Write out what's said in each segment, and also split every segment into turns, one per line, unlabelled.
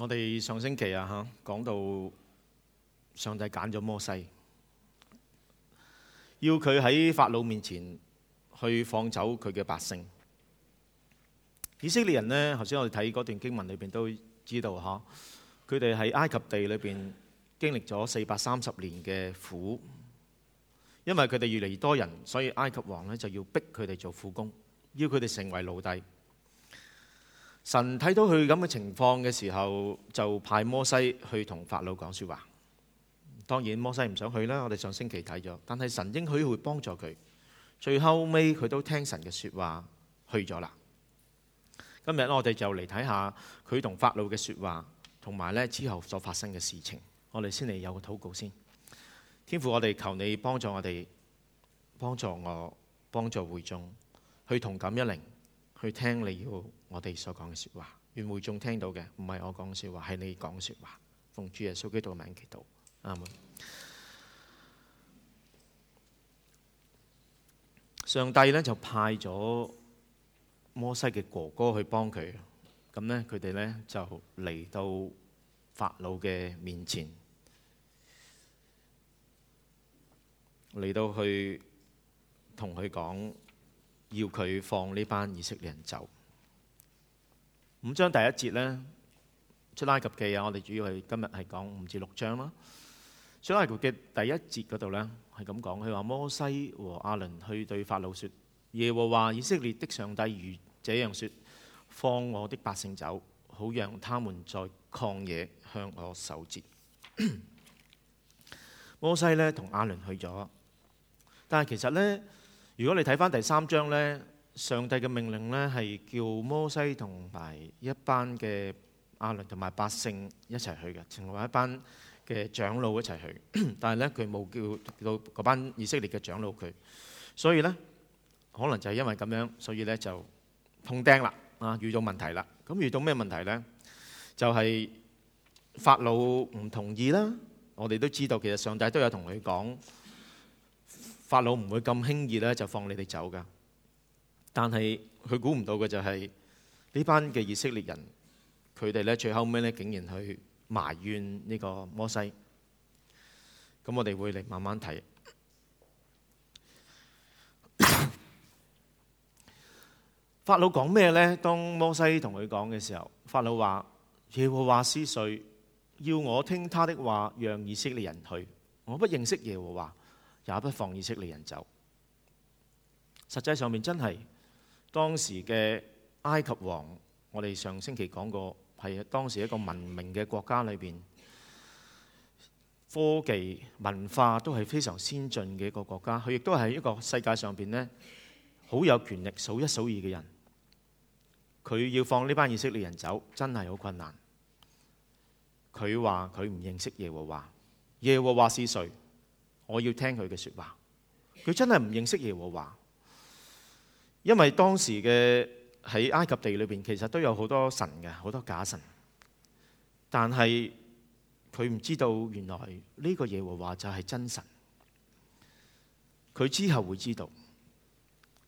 我哋上星期啊嚇講到上帝揀咗摩西，要佢喺法老面前去放走佢嘅百姓。以色列人呢，頭先我哋睇嗰段經文裏邊都知道嚇，佢哋喺埃及地裏邊經歷咗四百三十年嘅苦，因為佢哋越嚟越多人，所以埃及王呢，就要逼佢哋做苦工，要佢哋成為奴隸。神睇到佢咁嘅情況嘅時候，就派摩西去同法老講說話。當然摩西唔想去啦，我哋上星期睇咗。但係神應許會幫助佢，最後尾佢都聽神嘅說話去咗啦。今日我哋就嚟睇下佢同法老嘅說話，同埋呢之後所發生嘅事情。我哋先嚟有個禱告先。天父，我哋求你幫助我哋，幫助我，幫助會眾去同感一靈。去聽你要我哋所講嘅說話，願會眾聽到嘅唔係我講嘅說話，係你講嘅說話。奉主耶穌基督嘅名祈禱，阿門。上帝呢就派咗摩西嘅哥哥去幫佢，咁呢，佢哋呢就嚟到法老嘅面前，嚟到去同佢講。要佢放呢班以色列人走。五章第一節呢，出埃及記》啊，我哋主要係今日係講五至六章啦，《出埃及記》第一節嗰度呢，係咁講，佢話摩西和阿倫去對法老說：耶和華以色列的上帝如這樣說，放我的百姓走，好讓他們在曠野向我守節。摩西呢，同阿倫去咗，但係其實呢。如果你睇翻第三章呢，上帝嘅命令呢係叫摩西同埋一班嘅亞倫同埋百姓一齊去嘅，同埋一班嘅長老一齊去。但係呢佢冇叫到嗰班以色列嘅長老佢，所以呢可能就係因為咁樣，所以呢就碰釘啦啊，遇到問題啦。咁遇到咩問題呢？就係法老唔同意啦。我哋都知道，其實上帝都有同佢講。法老唔會咁輕易咧就放你哋走噶但係佢估唔到嘅就係呢班嘅以色列人，佢哋咧最後尾咧竟然去埋怨呢個摩西。咁我哋會嚟慢慢睇。法老講咩呢？當摩西同佢講嘅時候，法老話：耶和華是誰？要我聽他的話，讓以色列人去。我不認識耶和華。也不放以色列人走。實際上面真係當時嘅埃及王，我哋上星期講過，係當時一個文明嘅國家裏邊，科技文化都係非常先進嘅一個國家。佢亦都係一個世界上邊呢好有權力、數一數二嘅人。佢要放呢班以色列人走，真係好困難。佢話佢唔認識耶和華，耶和華是誰？我要聽佢嘅說話，佢真係唔認識耶和華，因為當時嘅喺埃及地裏邊，其實都有好多神嘅，好多假神，但係佢唔知道原來呢個耶和華就係真神，佢之後會知道，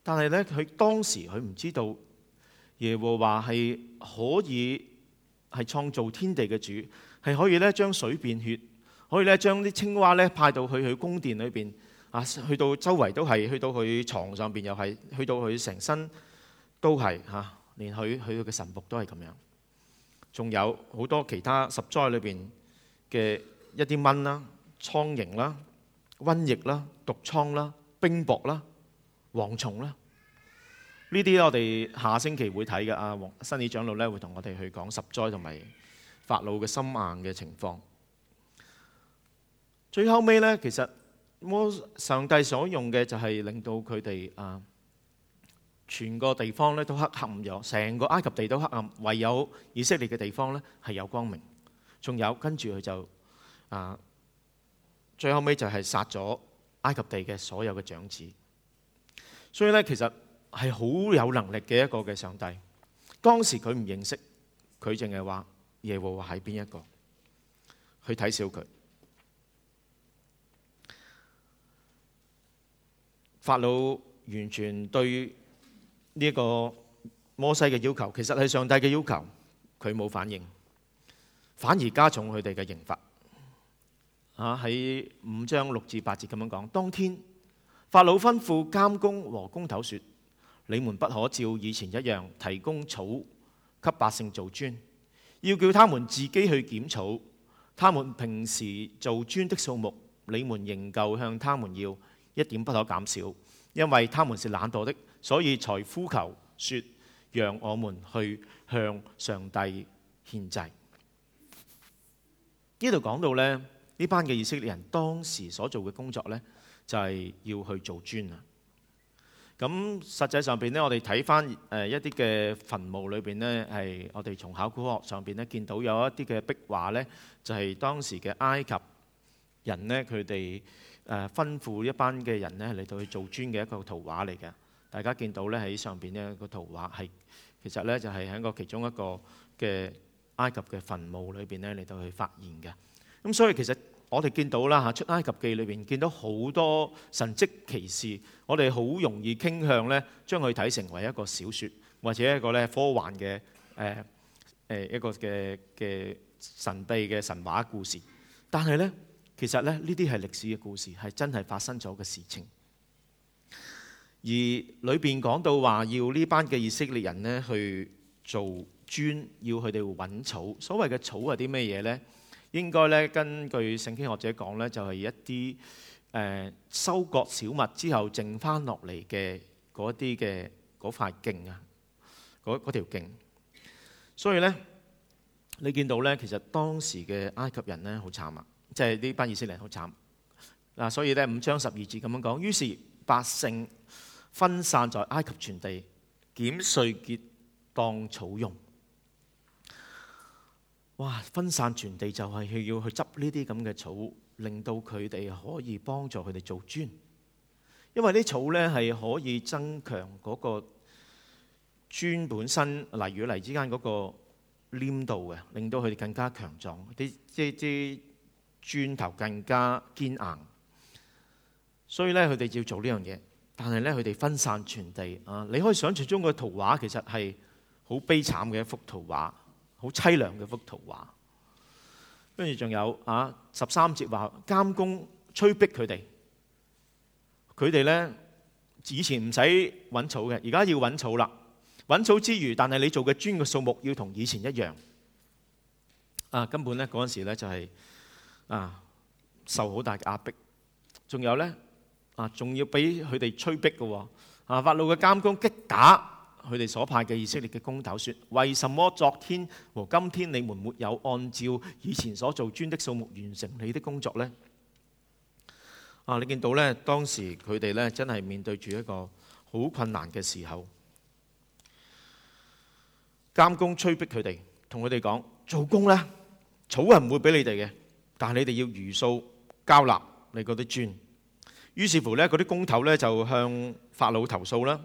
但係呢，佢當時佢唔知道耶和華係可以係創造天地嘅主，係可以咧將水變血。可以咧，將啲青蛙咧派到去去宮殿裏邊啊，去到周圍都係，去到佢床上邊又係，去到佢成身都係嚇，連佢佢佢嘅神僕都係咁樣。仲有好多其他十災裏邊嘅一啲蚊啦、蒼蠅啦、瘟疫啦、毒瘡啦、冰雹啦、蝗蟲啦。呢啲我哋下星期會睇嘅啊，王新宇長老咧會同我哋去講十災同埋法老嘅心硬嘅情況。最後尾咧，其實我上帝所用嘅就係令到佢哋啊，全個地方咧都黑暗咗，成個埃及地都黑暗，唯有以色列嘅地方咧係有光明。仲有跟住佢就啊，最後尾就係殺咗埃及地嘅所有嘅長子。所以咧，其實係好有能力嘅一個嘅上帝。當時佢唔認識，佢淨係話耶和華係邊一個，去睇笑佢。法老完全對呢個摩西嘅要求，其實係上帝嘅要求，佢冇反應，反而加重佢哋嘅刑罰。喺五章六至八節咁樣講，當天法老吩咐監工和工頭說：你們不可照以前一樣提供草給百姓做磚，要叫他們自己去撿草。他們平時做磚的數目，你們仍舊向他們要。一點不可減少，因為他們是懶惰的，所以才呼求說：讓我們去向上帝獻祭。呢度講到呢，呢班嘅以色列人當時所做嘅工作呢，就係要去做磚啊。咁實際上邊呢，我哋睇翻誒一啲嘅墳墓裏邊呢，係我哋從考古學上邊呢見到有一啲嘅壁畫呢，就係、是、當時嘅埃及人呢，佢哋。誒吩咐一班嘅人咧嚟到去做磚嘅一個圖畫嚟嘅，大家見到咧，喺上邊呢個圖畫係其實咧，就係喺個其中一個嘅埃及嘅墳墓裏邊咧嚟到去發現嘅。咁所以其實我哋見到啦嚇《出埃及記》裏邊見到好多神蹟奇事，我哋好容易傾向咧將佢睇成為一個小説或者一個咧科幻嘅誒誒一個嘅嘅神秘嘅神話故事，但係咧。其實咧，呢啲係歷史嘅故事，係真係發生咗嘅事情。而裏面講到話要呢班嘅以色列人呢去做磚，要佢哋揾草。所謂嘅草係啲咩嘢呢？應該呢，根據聖經學者講呢，就係、是、一啲、呃、收割小麥之後剩翻落嚟嘅嗰啲嘅嗰塊莖啊，嗰嗰條莖。所以呢，你見到呢，其實當時嘅埃及人呢，好慘啊。即係呢班以色列人好慘嗱，所以咧五章十二節咁樣講，於是百姓分散在埃及全地，撿碎稭當草用。哇！分散全地就係要要去執呢啲咁嘅草，令到佢哋可以幫助佢哋做磚，因為啲草咧係可以增強嗰個磚本身例如泥之間嗰個黏度嘅，令到佢哋更加強壯啲。即即轉頭更加堅硬，所以咧佢哋要做呢樣嘢，但係咧佢哋分散傳地。啊！你可以想象中個圖畫其實係好悲慘嘅一幅圖畫，好淒涼嘅幅圖畫。跟住仲有啊，十三節話監工催逼佢哋，佢哋咧以前唔使搵草嘅，而家要搵草啦。搵草之餘，但係你做嘅磚嘅數目要同以前一樣啊！根本咧嗰陣時咧就係、是。啊、受好大嘅壓迫，仲有呢，啊，仲要俾佢哋催逼嘅喎啊，啊！法老嘅監工擊打佢哋所派嘅以色列嘅工頭，説：為什麼昨天和今天你們沒有按照以前所做磚的，的數目完成你的工作呢？啊！你見到呢，當時佢哋呢，真係面對住一個好困難嘅時候，監工催逼佢哋，同佢哋講：做工呢，草係唔會俾你哋嘅。但係你哋要如數交納你嗰啲磚，於是乎呢，嗰啲工頭呢就向法老投訴啦。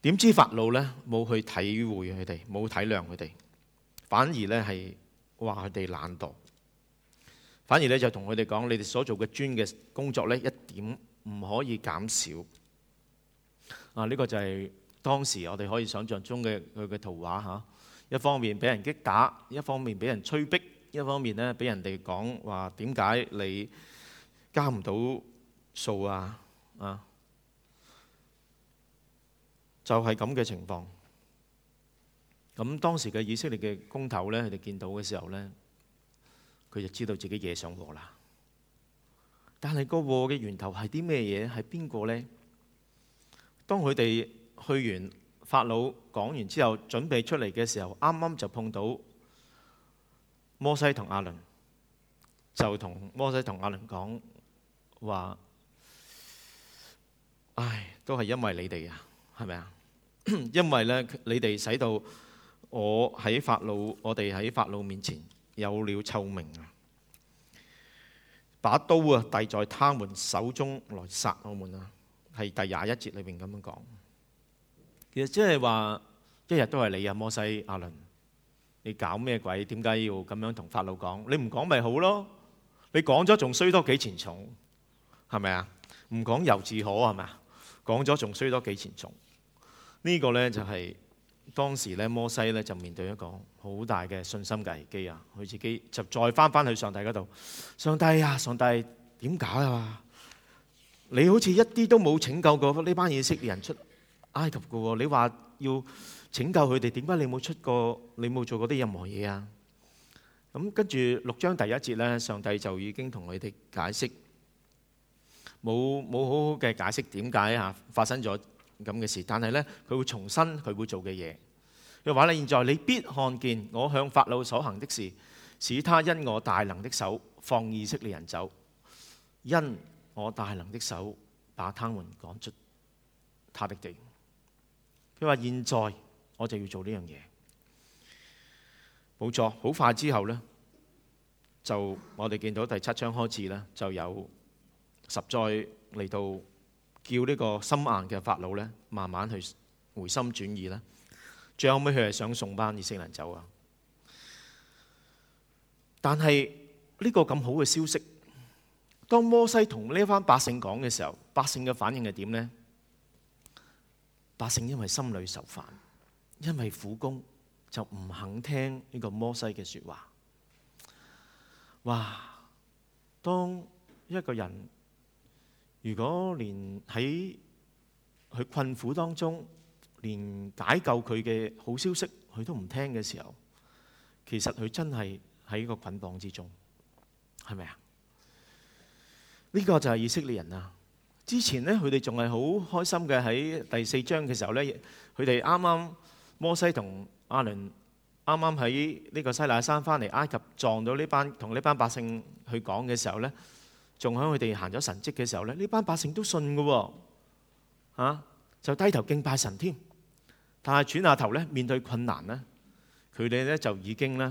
點知法老呢冇去體會佢哋，冇體諒佢哋，反而呢係話佢哋懶惰，反而呢就同佢哋講：你哋所做嘅磚嘅工作呢，一點唔可以減少。啊，呢個就係當時我哋可以想像中嘅佢嘅圖畫嚇。一方面俾人擊打，一方面俾人催逼，一方面咧，俾人哋講話點解你加唔到數啊？啊，就係咁嘅情況。咁當時嘅以色列嘅工頭咧，佢哋見到嘅時候咧，佢就知道自己惹上禍啦。但係個禍嘅源頭係啲咩嘢？係邊個咧？當佢哋去完法老講完之後，準備出嚟嘅時候，啱啱就碰到。摩西同阿倫就同摩西同阿倫講話，唉，都係因為你哋啊，係咪啊？因為咧，你哋使到我喺法老，我哋喺法老面前有了臭名啊！把刀啊遞在他們手中來殺我們啊！係第廿一節裏面咁樣講。其實即係話，一日都係你啊，摩西、阿倫。你搞咩鬼？點解要咁樣同法老講？你唔講咪好咯？你講咗仲衰多幾錢重？係咪啊？唔講尤自可係咪啊？講咗仲衰多幾錢重？呢、這個呢，就係、是、當時咧摩西咧就面對一個好大嘅信心嘅危機啊！佢自己就再翻翻去上帝嗰度，上帝啊，上帝點搞啊？你好似一啲都冇拯救過呢班以色列人出埃及嘅喎？你話要？拯救佢哋？點解你冇出過？你冇做過啲任何嘢啊？咁跟住六章第一節咧，上帝就已經同佢哋解釋，冇冇好好嘅解釋點解啊發生咗咁嘅事？但係咧，佢會重新佢會做嘅嘢。佢話咧：現在你必看見我向法老所行的事，使他因我大能的手放以色列人走，因我大能的手把他們趕出他的地。佢話現在。我就要做呢樣嘢，冇錯。好快之後呢，就我哋見到第七章開始咧，就有十災嚟到叫呢個心硬嘅法老呢，慢慢去回心轉意啦。最後尾佢係想送返以色列人走啊，但係呢個咁好嘅消息，當摩西同呢一班百姓講嘅時候，百姓嘅反應係點呢？百姓因為心裏受煩，因為苦工就唔肯聽呢個摩西嘅說話，哇！當一個人如果連喺佢困苦當中，連解救佢嘅好消息，佢都唔聽嘅時候，其實佢真係喺個捆綁之中，係咪啊？呢個就係以色列人啊！之前呢，佢哋仲係好開心嘅，喺第四章嘅時候呢，佢哋啱啱。摩西同阿倫啱啱喺呢個西奈山翻嚟埃及，撞到呢班同呢班百姓去講嘅時候咧，仲喺佢哋行咗神蹟嘅時候咧，呢班百姓都信嘅，吓、啊、就低頭敬拜神添。但係轉下頭咧，面對困難咧，佢哋咧就已經咧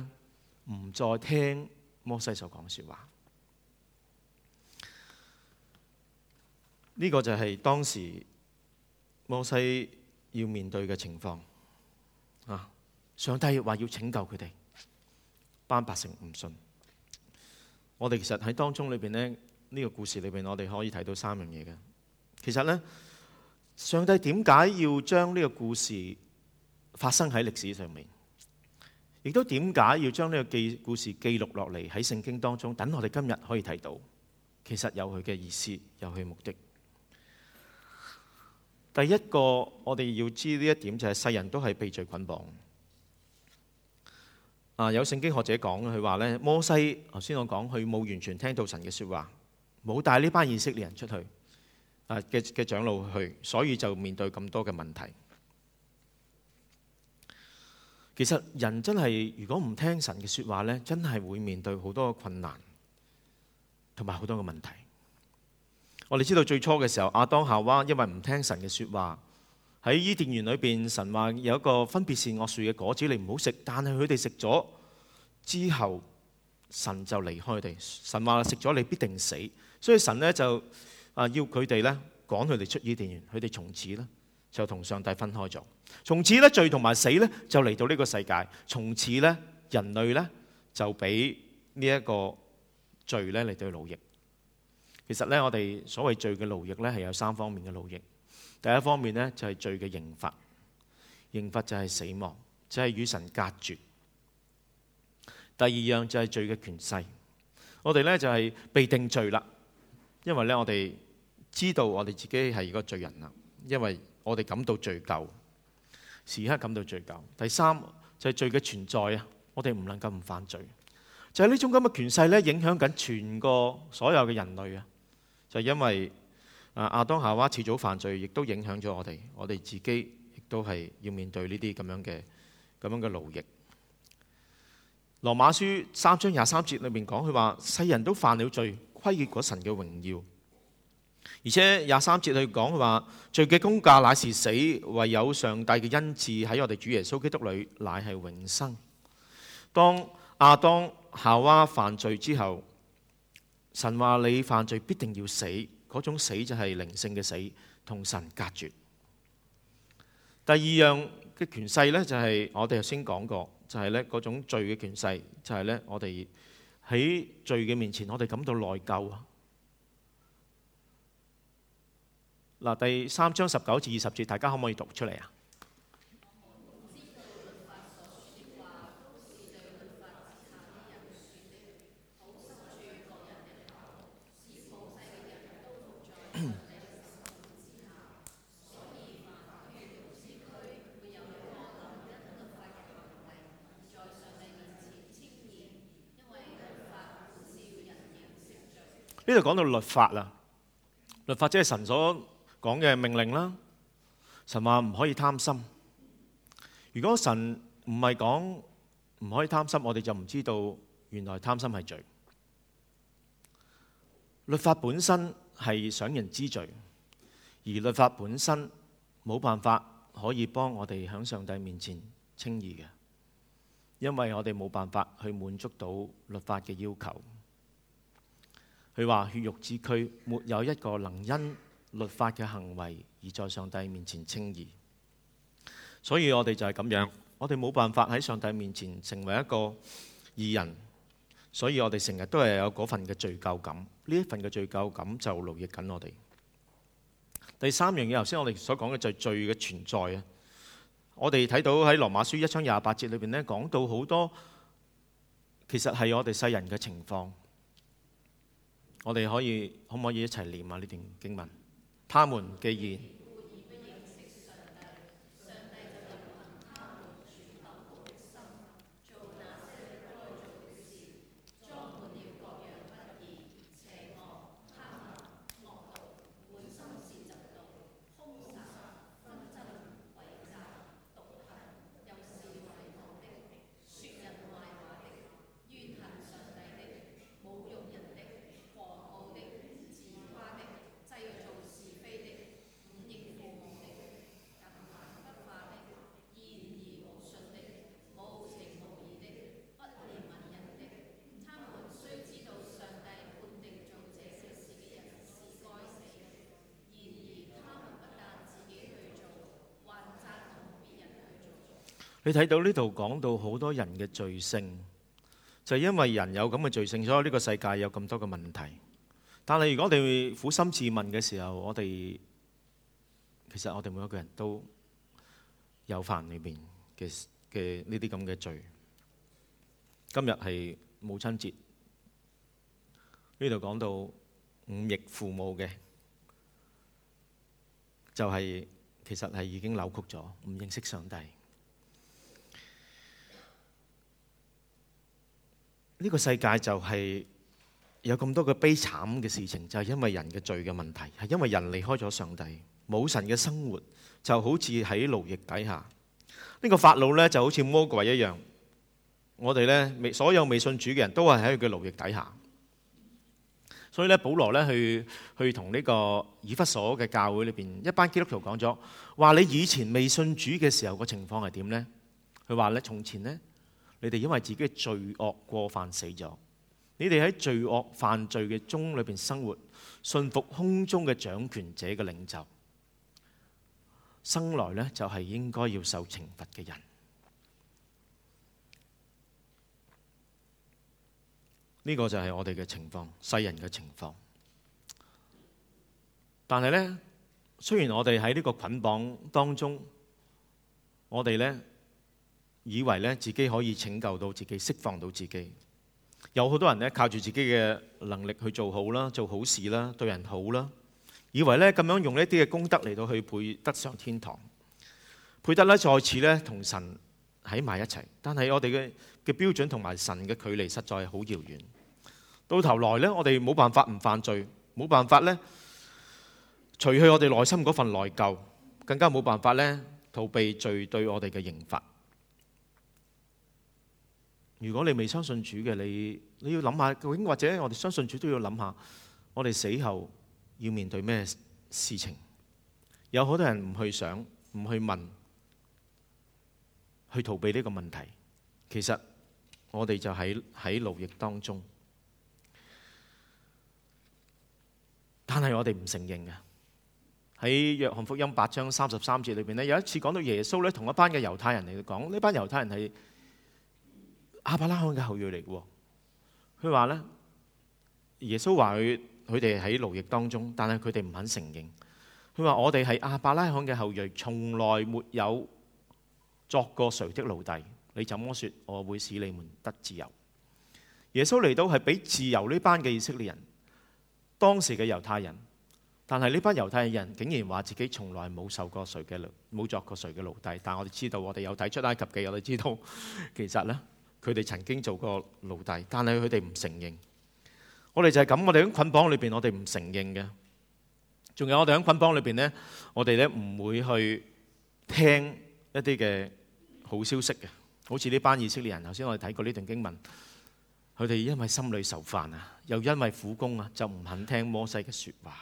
唔再聽摩西所講說話。呢、這個就係當時摩西要面對嘅情況。啊！上帝話要拯救佢哋，班百姓唔信。我哋其實喺當中裏邊咧，呢、這個故事裏邊，我哋可以睇到三樣嘢嘅。其實呢，上帝點解要將呢個故事發生喺歷史上面，亦都點解要將呢個記故事記錄落嚟喺聖經當中，等我哋今日可以睇到，其實有佢嘅意思，有佢目的。第一個我哋要知呢一點就係世人都係被罪捆綁。啊，有聖經學者講，佢話咧，摩西頭先我講佢冇完全聽到神嘅說話，冇帶呢班以色列人出去嘅嘅長老去，所以就面對咁多嘅問題。其實人真係如果唔聽神嘅說話咧，真係會面對好多嘅困難，同埋好多嘅問題。我哋知道最初嘅時候，亞當夏娃因為唔聽神嘅說話，喺伊甸園裏邊，神話有一個分別善惡樹嘅果子，你唔好食，但係佢哋食咗之後，神就離開佢哋。神話食咗你必定死，所以神呢，就啊要佢哋呢趕佢哋出伊甸園，佢哋從此呢，就同上帝分開咗。從此呢，罪同埋死呢，就嚟到呢個世界，從此呢，人類呢，就俾呢一個罪呢，嚟到奴役。其實咧，我哋所謂罪嘅奴役咧，係有三方面嘅奴役。第一方面呢，就係罪嘅刑罰，刑罰就係死亡，就係、是、與神隔絕。第二樣就係罪嘅權勢，我哋咧就係被定罪啦，因為咧我哋知道我哋自己係個罪人啦，因為我哋感到罪疚，時刻感到罪疚。第三就係罪嘅存在啊，我哋唔能夠唔犯罪，就係、是、呢種咁嘅權勢咧，影響緊全個所有嘅人類啊。就是、因為阿當夏娃遲早犯罪，亦都影響咗我哋。我哋自己亦都係要面對呢啲咁樣嘅咁樣嘅奴役。羅馬書三章廿三節裏面講，佢話世人都犯了罪，虧缺了神嘅榮耀。而且廿三節佢講話罪嘅工價乃是死，唯有上帝嘅恩賜喺我哋主耶穌基督裏，乃係永生。當阿當夏娃犯罪之後，神話你犯罪必定要死，嗰種死就係靈性嘅死，同神隔絕。第二樣嘅權勢呢，就係我哋頭先講過，就係呢嗰種罪嘅權勢，就係呢，我哋喺罪嘅面前，我哋感到內疚啊！嗱，第三章十九至二十節，大家可唔可以讀出嚟啊？呢度講到律法啦，律法即係神所講嘅命令啦。神話唔可以貪心，如果神唔係講唔可以貪心，我哋就唔知道原來貪心係罪。律法本身係想人知罪，而律法本身冇辦法可以幫我哋響上帝面前稱義嘅，因為我哋冇辦法去滿足到律法嘅要求。佢話：血肉之軀，沒有一個能因律法嘅行為而在上帝面前稱義。所以我哋就係咁樣，我哋冇辦法喺上帝面前成為一個義人。所以我哋成日都係有嗰份嘅罪疚感，呢一份嘅罪疚感就勞役緊我哋。第三樣嘢，頭先我哋所講嘅就罪嘅存在啊。我哋睇到喺羅馬書一章廿八節裏邊呢，講到好多其實係我哋世人嘅情況。我哋可以可唔可以一起念啊呢段經文？他們既然。你睇到呢度講到好多人嘅罪性，就係、是、因為人有咁嘅罪性，所以呢個世界有咁多嘅問題。但係如果我哋苦心自問嘅時候，我哋其實我哋每一個人都有犯裏面嘅嘅呢啲咁嘅罪。今日係母親節，呢度講到忤逆父母嘅，就係、是、其實係已經扭曲咗，唔認識上帝。呢個世界就係有咁多嘅悲慘嘅事情，就係因為人嘅罪嘅問題，係因為人離開咗上帝，冇神嘅生活就好似喺奴役底下。呢個法老咧就好似魔鬼一樣，我呢，我哋咧未所有未信主嘅人都係喺佢嘅奴役底下。所以咧保羅咧去去同呢個以弗所嘅教會裏邊一班基督徒講咗，話你以前未信主嘅時候個情況係點咧？佢話咧，從前咧。你哋因為自己罪惡過犯死咗，你哋喺罪惡犯罪嘅中裏邊生活，順服空中嘅掌權者嘅領袖，生來呢，就係應該要受懲罰嘅人。呢個就係我哋嘅情況，世人嘅情況。但係呢，雖然我哋喺呢個捆綁當中，我哋呢，以為咧自己可以拯救到自己，釋放到自己。有好多人咧靠住自己嘅能力去做好啦，做好事啦，對人好啦。以為呢，咁樣用一啲嘅功德嚟到去配得上天堂，配得呢，再次呢，同神喺埋一齊。但係我哋嘅嘅標準同埋神嘅距離實在係好遙遠。到頭來呢，我哋冇辦法唔犯罪，冇辦法呢，除去我哋內心嗰份內疚，更加冇辦法呢，逃避罪對我哋嘅刑罰。如果你未相信主嘅，你你要諗下究竟，或者我哋相信主都要諗下，我哋死後要面對咩事情？有好多人唔去想，唔去問，去逃避呢個問題。其實我哋就喺喺奴役當中，但係我哋唔承認嘅。喺約翰福音八章三十三節裏邊咧，有一次講到耶穌咧，同一班嘅猶太人嚟講，呢班猶太人係。阿伯拉罕嘅後裔嚟嘅，佢話呢：「耶穌話佢哋喺奴役當中，但係佢哋唔肯承認。佢話我哋係阿伯拉罕嘅後裔，從來沒有作過誰的奴隸，你怎麼說？我會使你們得自由。耶穌嚟到係俾自由呢班嘅以色列人，當時嘅猶太人。但係呢班猶太人竟然話自己從來冇受過誰嘅奴，冇作過誰嘅奴隸。但係我哋知道，我哋有睇出埃及記，我哋知道其實呢。佢哋曾經做過奴隸，但係佢哋唔承認。我哋就係咁，我哋喺捆綁裏邊，我哋唔承認嘅。仲有我哋喺捆綁裏邊咧，我哋咧唔會去聽一啲嘅好消息嘅。好似呢班以色列人，頭先我哋睇過呢段經文，佢哋因為心裏受煩啊，又因為苦工啊，就唔肯聽摩西嘅説話。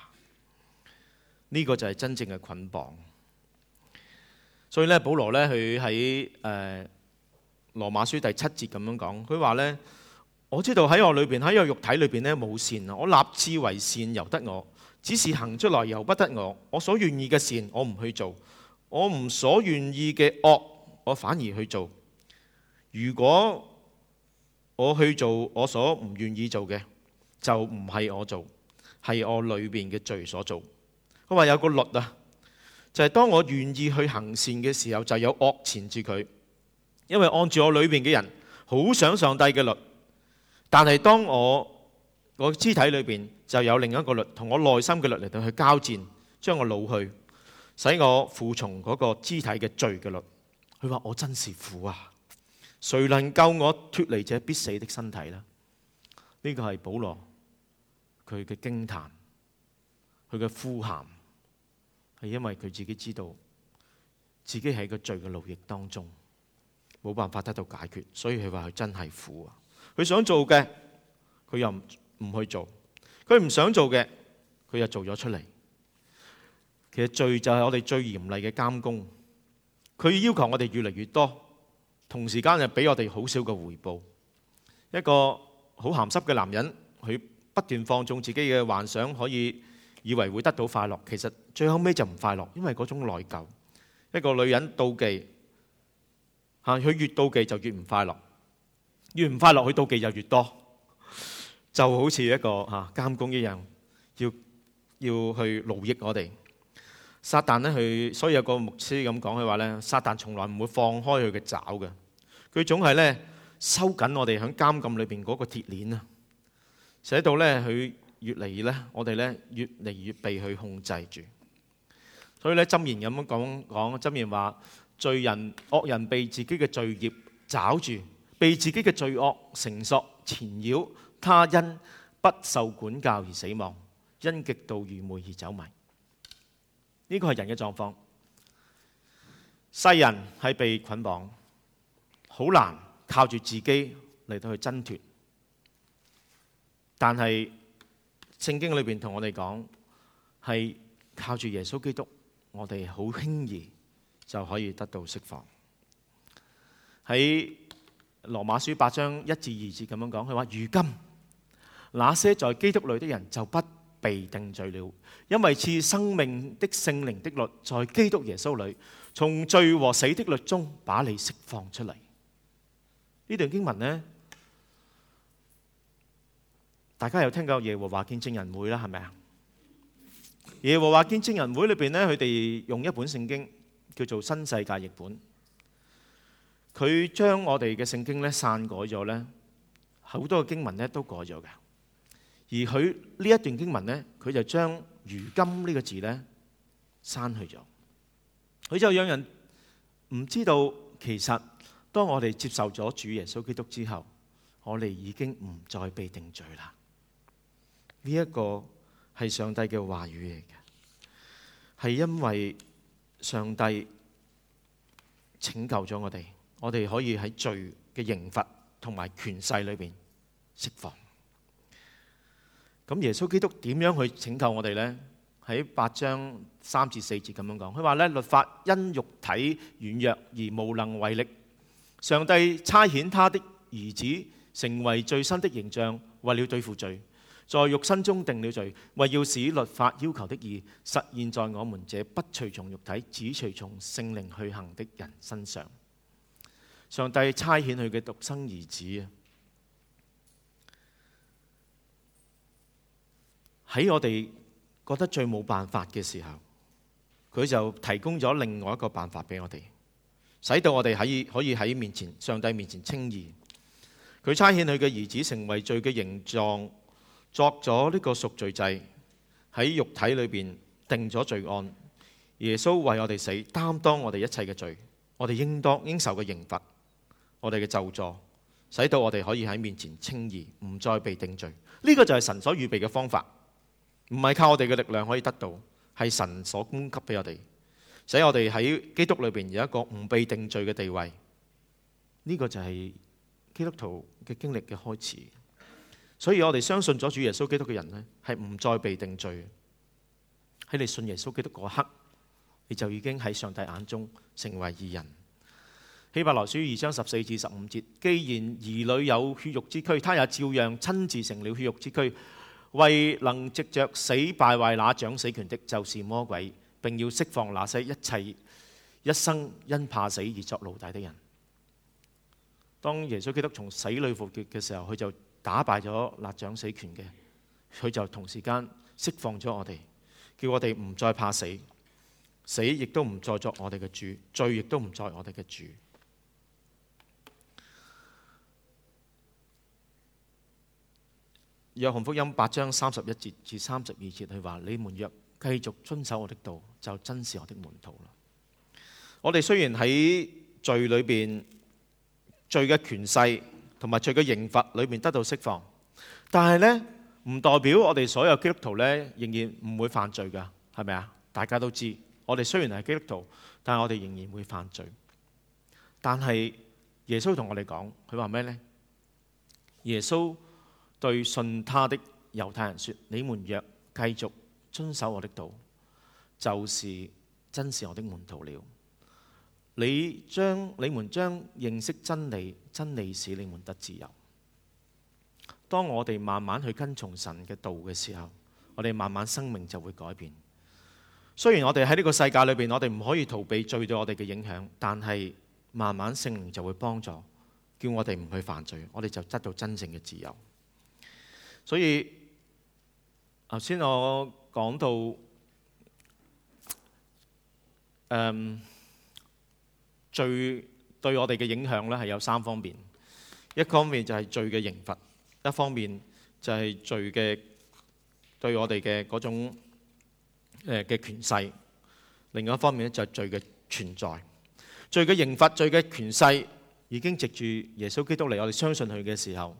呢個就係真正嘅捆綁。所以咧，保羅咧，佢喺誒。羅馬書第七節咁樣講，佢話呢：「我知道喺我裏邊喺一個肉體裏邊呢，無善啊！我立志為善由得我，只是行出來由不得我。我所願意嘅善我唔去做，我唔所願意嘅惡我反而去做。如果我去做我所唔願意做嘅，就唔係我做，係我裏邊嘅罪所做。」佢話有個律啊，就係、是、當我願意去行善嘅時候，就有惡纏住佢。因為按住我裏邊嘅人好想上帝嘅律，但係當我個肢體裏邊就有另一個律，同我內心嘅律嚟到去交戰，將我擄去，使我服從嗰個肢體嘅罪嘅律。佢話：我真是苦啊！誰能救我脫離這必死的身體呢？呢、這個係保羅佢嘅驚歎，佢嘅呼喊係因為佢自己知道自己喺個罪嘅奴役當中。冇辦法得到解決，所以佢話佢真係苦啊！佢想做嘅，佢又唔去做；佢唔想做嘅，佢又做咗出嚟。其實罪就係我哋最嚴厲嘅監工，佢要求我哋越嚟越多，同時間又俾我哋好少嘅回報。一個好鹹濕嘅男人，佢不斷放縱自己嘅幻想，可以以為會得到快樂，其實最後尾就唔快樂，因為嗰種內疚。一個女人妒忌。嚇！佢越妒忌就越唔快樂，越唔快樂佢妒忌就越多，就好似一個吓監工一樣，要要去奴役我哋。撒旦咧，佢所以有個牧師咁講佢話咧，撒旦從來唔會放開佢嘅爪嘅，佢總係咧收緊我哋響監禁裏邊嗰個鐵鏈啊，寫到咧佢越嚟越咧，我哋咧越嚟越被佢控制住。所以咧箴言咁樣講講，箴言話。罪人惡人被自己嘅罪孽抓住，被自己嘅罪惡繩索纏繞，他因不受管教而死亡，因極度愚昧而走迷。呢、這個係人嘅狀況，世人係被捆綁，好難靠住自己嚟到去掙脱。但係聖經裏邊同我哋講，係靠住耶穌基督，我哋好輕易。就可以得到釋放。喺《羅馬書》八章一至二節咁樣講，佢話：如今那些在基督裏的人就不被定罪了，因為賜生命的聖靈的律在基督耶穌裏，從罪和死的律中把你釋放出嚟。呢段經文呢，大家有聽過耶和華見證人會啦？係咪啊？耶和華見證人會裏邊呢，佢哋用一本聖經。叫做新世界譯本，佢將我哋嘅聖經咧刪改咗咧，好多嘅經文咧都改咗嘅。而佢呢一段經文咧，佢就將如今呢個字咧刪去咗，佢就讓人唔知道，其實當我哋接受咗主耶穌基督之後，我哋已經唔再被定罪啦。呢一個係上帝嘅話語嚟嘅，係因為。上帝拯救咗我哋，我哋可以喺罪嘅刑罰同埋權勢裏邊釋放。咁耶穌基督點樣去拯救我哋呢？喺八章三至四節咁樣講，佢話咧，律法因肉體軟弱而無能為力，上帝差遣他的兒子成為最新的形象，為了對付罪。在肉身中定了罪，為要使律法要求的義實現在我們這不隨從肉體，只隨從聖靈去行的人身上。上帝差遣佢嘅獨生兒子啊，喺我哋覺得最冇辦法嘅時候，佢就提供咗另外一個辦法俾我哋，使到我哋可以可以喺面前上帝面前稱義。佢差遣佢嘅兒子成為罪嘅形狀。作咗呢個贖罪祭喺肉體裏邊定咗罪案，耶穌為我哋死，擔當我哋一切嘅罪，我哋應當應受嘅刑罰，我哋嘅咒詛，使到我哋可以喺面前稱義，唔再被定罪。呢、這個就係神所預備嘅方法，唔係靠我哋嘅力量可以得到，係神所供給俾我哋，使我哋喺基督裏邊有一個唔被定罪嘅地位。呢、這個就係基督徒嘅經歷嘅開始。所以我哋相信咗主耶穌基督嘅人呢，係唔再被定罪。喺你信耶穌基督嗰刻，你就已經喺上帝眼中成為義人。希伯來書二章十四至十五節，既然兒女有血肉之軀，他也照樣親自成了血肉之軀，為能藉着死敗壞那掌死權的，就是魔鬼，並要釋放那些一切一生因怕死而作奴隸的人。當耶穌基督從死裏復活嘅時候，佢就。打敗咗拿掌死權嘅，佢就同時間釋放咗我哋，叫我哋唔再怕死，死亦都唔再作我哋嘅主，罪亦都唔再作我哋嘅主。約翰福音八章三十一節至三十二節，佢話：你們若繼續遵守我的道，就真是我的門徒啦。我哋雖然喺罪裏邊，罪嘅權勢。同埋在罪嘅刑罰裏面得到釋放，但係呢，唔代表我哋所有基督徒呢，仍然唔會犯罪噶，係咪啊？大家都知，我哋雖然係基督徒，但係我哋仍然會犯罪但是。但係耶穌同我哋講，佢話咩呢？耶穌對信他的猶太人說：你們若繼續遵守我的道，就是真是我的門徒了。你將你們將認識真理，真理使你們得自由。當我哋慢慢去跟從神嘅道嘅時候，我哋慢慢生命就會改變。雖然我哋喺呢個世界裏邊，我哋唔可以逃避罪對我哋嘅影響，但係慢慢聖靈就會幫助，叫我哋唔去犯罪，我哋就得到真正嘅自由。所以頭先我講到，嗯罪對我哋嘅影響咧，係有三方面。一方面就係罪嘅刑罰，一方面就係罪嘅對我哋嘅嗰種、呃、嘅權勢，另外一方面咧就係罪嘅存在。罪嘅刑罰、罪嘅權勢已經藉住耶穌基督嚟，我哋相信佢嘅時候，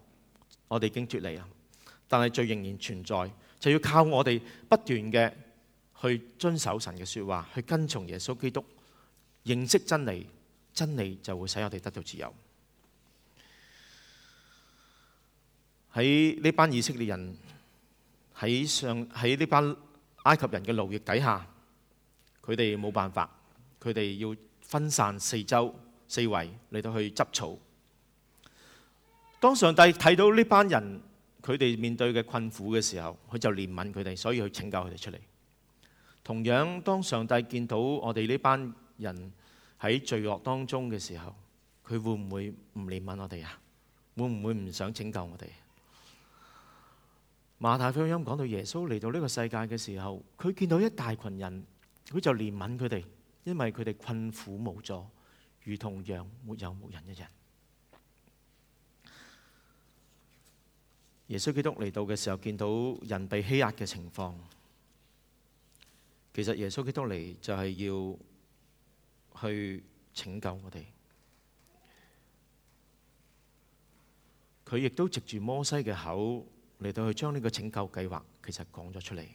我哋已經脱離啦。但係罪仍然存在，就要靠我哋不斷嘅去遵守神嘅説話，去跟從耶穌基督，認識真理。真理就會使我哋得到自由。喺呢班以色列人喺上喺呢班埃及人嘅奴役底下，佢哋冇辦法，佢哋要分散四周四圍嚟到去執草。當上帝睇到呢班人佢哋面對嘅困苦嘅時候，佢就憐憫佢哋，所以去拯救佢哋出嚟。同樣，當上帝見到我哋呢班人，喺罪惡當中嘅時候，佢會唔會唔憐憫我哋啊？會唔會唔想拯救我哋？馬太福音講到耶穌嚟到呢個世界嘅時候，佢見到一大群人，佢就憐憫佢哋，因為佢哋困苦無助，如同羊沒有牧人一樣。耶穌基督嚟到嘅時候，見到人被欺壓嘅情況，其實耶穌基督嚟就係要。去拯救我哋，佢亦都藉住摩西嘅口嚟到去將呢個拯救計劃，其實講咗出嚟。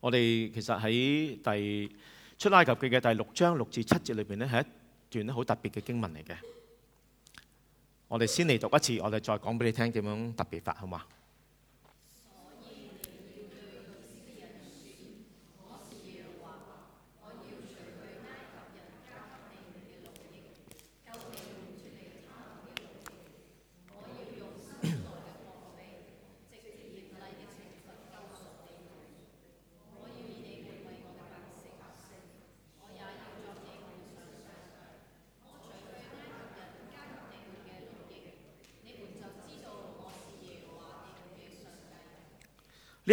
我哋其實喺第出埃及記嘅第六章六至七節裏邊呢，係一段咧好特別嘅經文嚟嘅。我哋先嚟讀一次，我哋再講俾你聽點樣特別法，好嘛？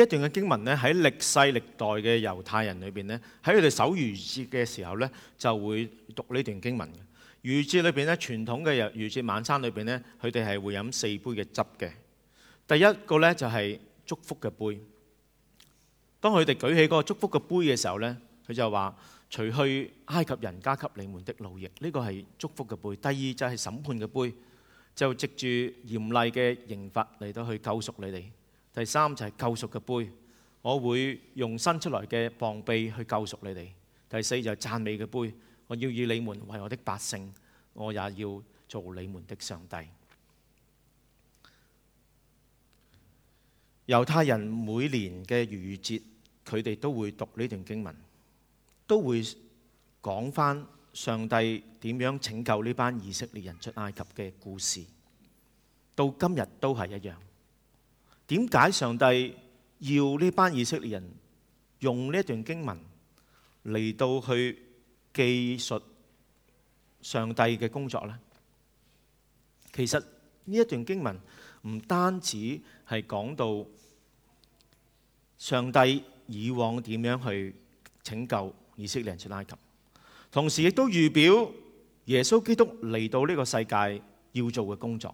一段嘅經文呢，喺歷世歷代嘅猶太人裏邊呢，喺佢哋守逾節嘅時候呢，就會讀呢段經文嘅逾節裏邊咧，傳統嘅又逾節晚餐裏邊呢，佢哋係會飲四杯嘅汁嘅。第一個呢，就係祝福嘅杯，當佢哋舉起嗰個祝福嘅杯嘅時候呢，佢就話除去埃及人加給你們的勞役，呢、這個係祝福嘅杯。第二就係審判嘅杯，就藉住嚴厲嘅刑罰嚟到去救贖你哋。第三就係、是、救贖嘅杯，我會用伸出來嘅膀臂去救贖你哋。第四就係、是、讚美嘅杯，我要以你們為我的百姓，我也要做你們的上帝。猶太人每年嘅逾節，佢哋都會讀呢段經文，都會講翻上帝點樣拯救呢班以色列人出埃及嘅故事，到今日都係一樣。點解上帝要呢班以色列人用呢段經文嚟到去記述上帝嘅工作呢？其實呢一段經文唔單止係講到上帝以往點樣去拯救以色列人出埃及，同時亦都預表耶穌基督嚟到呢個世界要做嘅工作。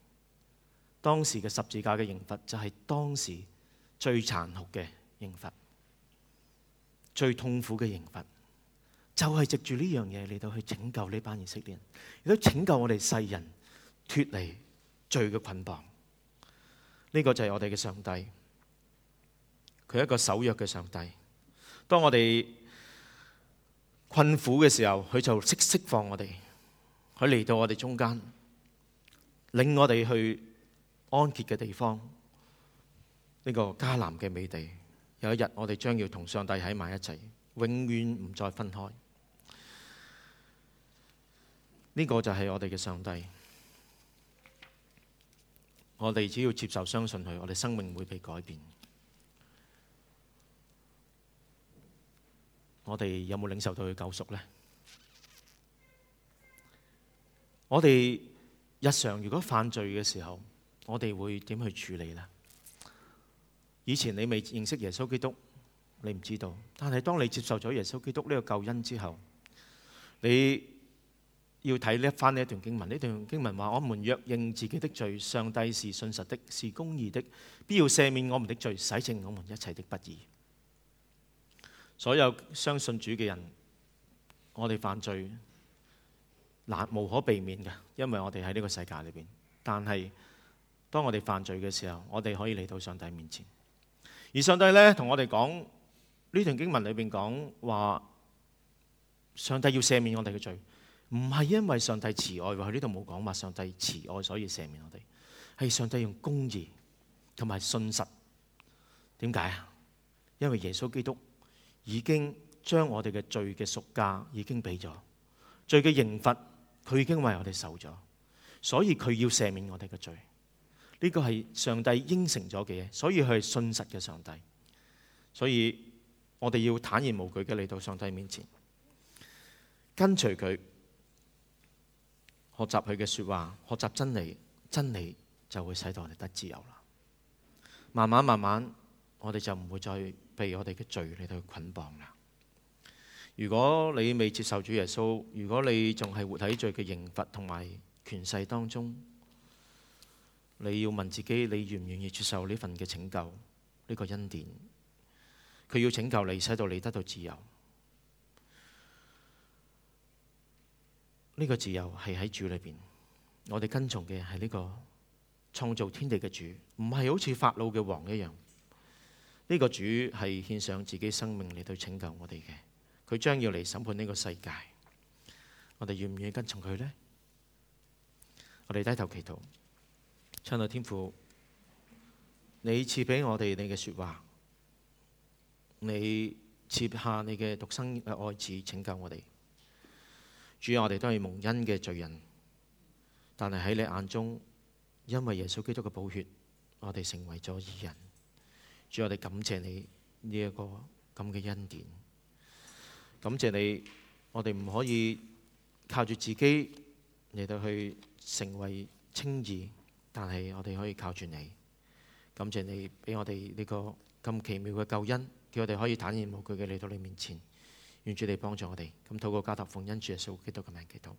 當時嘅十字架嘅刑罰就係當時最殘酷嘅刑罰，最痛苦嘅刑罰，就係藉住呢樣嘢嚟到去拯救呢班以色列人，亦都拯救我哋世人脫離罪嘅捆綁。呢個就係我哋嘅上帝，佢係一個守約嘅上帝。當我哋困苦嘅時候，佢就釋釋放我哋，佢嚟到我哋中間，領我哋去。安潔嘅地方，呢個迦南嘅美地，有一日我哋將要同上帝喺埋一齊，永遠唔再分開。呢個就係我哋嘅上帝，我哋只要接受相信佢，我哋生命會被改變。我哋有冇領受到佢救贖呢？我哋日常如果犯罪嘅時候，我哋會點去處理呢？以前你未認識耶穌基督，你唔知道。但係當你接受咗耶穌基督呢個救恩之後，你要睇返呢一段經文。呢段經文話：我們若認自己的罪，上帝是信實的，是公義的，必要赦免我們的罪，洗淨我們一切的不義。所有相信主嘅人，我哋犯罪難無可避免的，因為我哋喺呢個世界裏邊。但係，當我哋犯罪嘅時候，我哋可以嚟到上帝面前。而上帝呢，同我哋講呢段經文裏邊講話，說上帝要赦免我哋嘅罪，唔係因為上帝慈愛，佢呢度冇講話上帝慈愛所以赦免我哋，係上帝用公義同埋信實。點解啊？因為耶穌基督已經將我哋嘅罪嘅贖價已經俾咗，罪嘅刑罰佢已經為我哋受咗，所以佢要赦免我哋嘅罪。呢個係上帝應承咗嘅嘢，所以佢係信實嘅上帝。所以我哋要坦然無懼嘅嚟到上帝面前，跟隨佢，學習佢嘅說話，學習真理，真理就會使到我哋得自由啦。慢慢慢慢，我哋就唔會再被我哋嘅罪嚟去捆綁啦。如果你未接受主耶穌，如果你仲係活喺罪嘅刑罰同埋權勢當中，你要問自己，你願唔願意接受呢份嘅拯救，呢個恩典？佢要拯救你，使到你得到自由。呢個自由係喺主裏邊，我哋跟從嘅係呢個創造天地嘅主，唔係好似法老嘅王一樣。呢個主係獻上自己生命嚟到拯救我哋嘅，佢將要嚟審判呢個世界。我哋願唔願意跟從佢呢？我哋低頭祈禱。親愛天父，你賜俾我哋你嘅說話，你賜下你嘅獨生愛子拯救我哋。主啊，我哋都係蒙恩嘅罪人，但係喺你眼中，因為耶穌基督嘅寶血，我哋成為咗義人。主，我哋感謝你呢、這、一個咁嘅恩典，感謝你，我哋唔可以靠住自己嚟到去成為稱義。但係我哋可以靠住你，感謝你俾我哋呢個咁奇妙嘅救恩，叫我哋可以坦然無懼嘅嚟到你面前，願主你幫助我哋，咁透過加特奉恩主耶穌基督嘅名祈禱。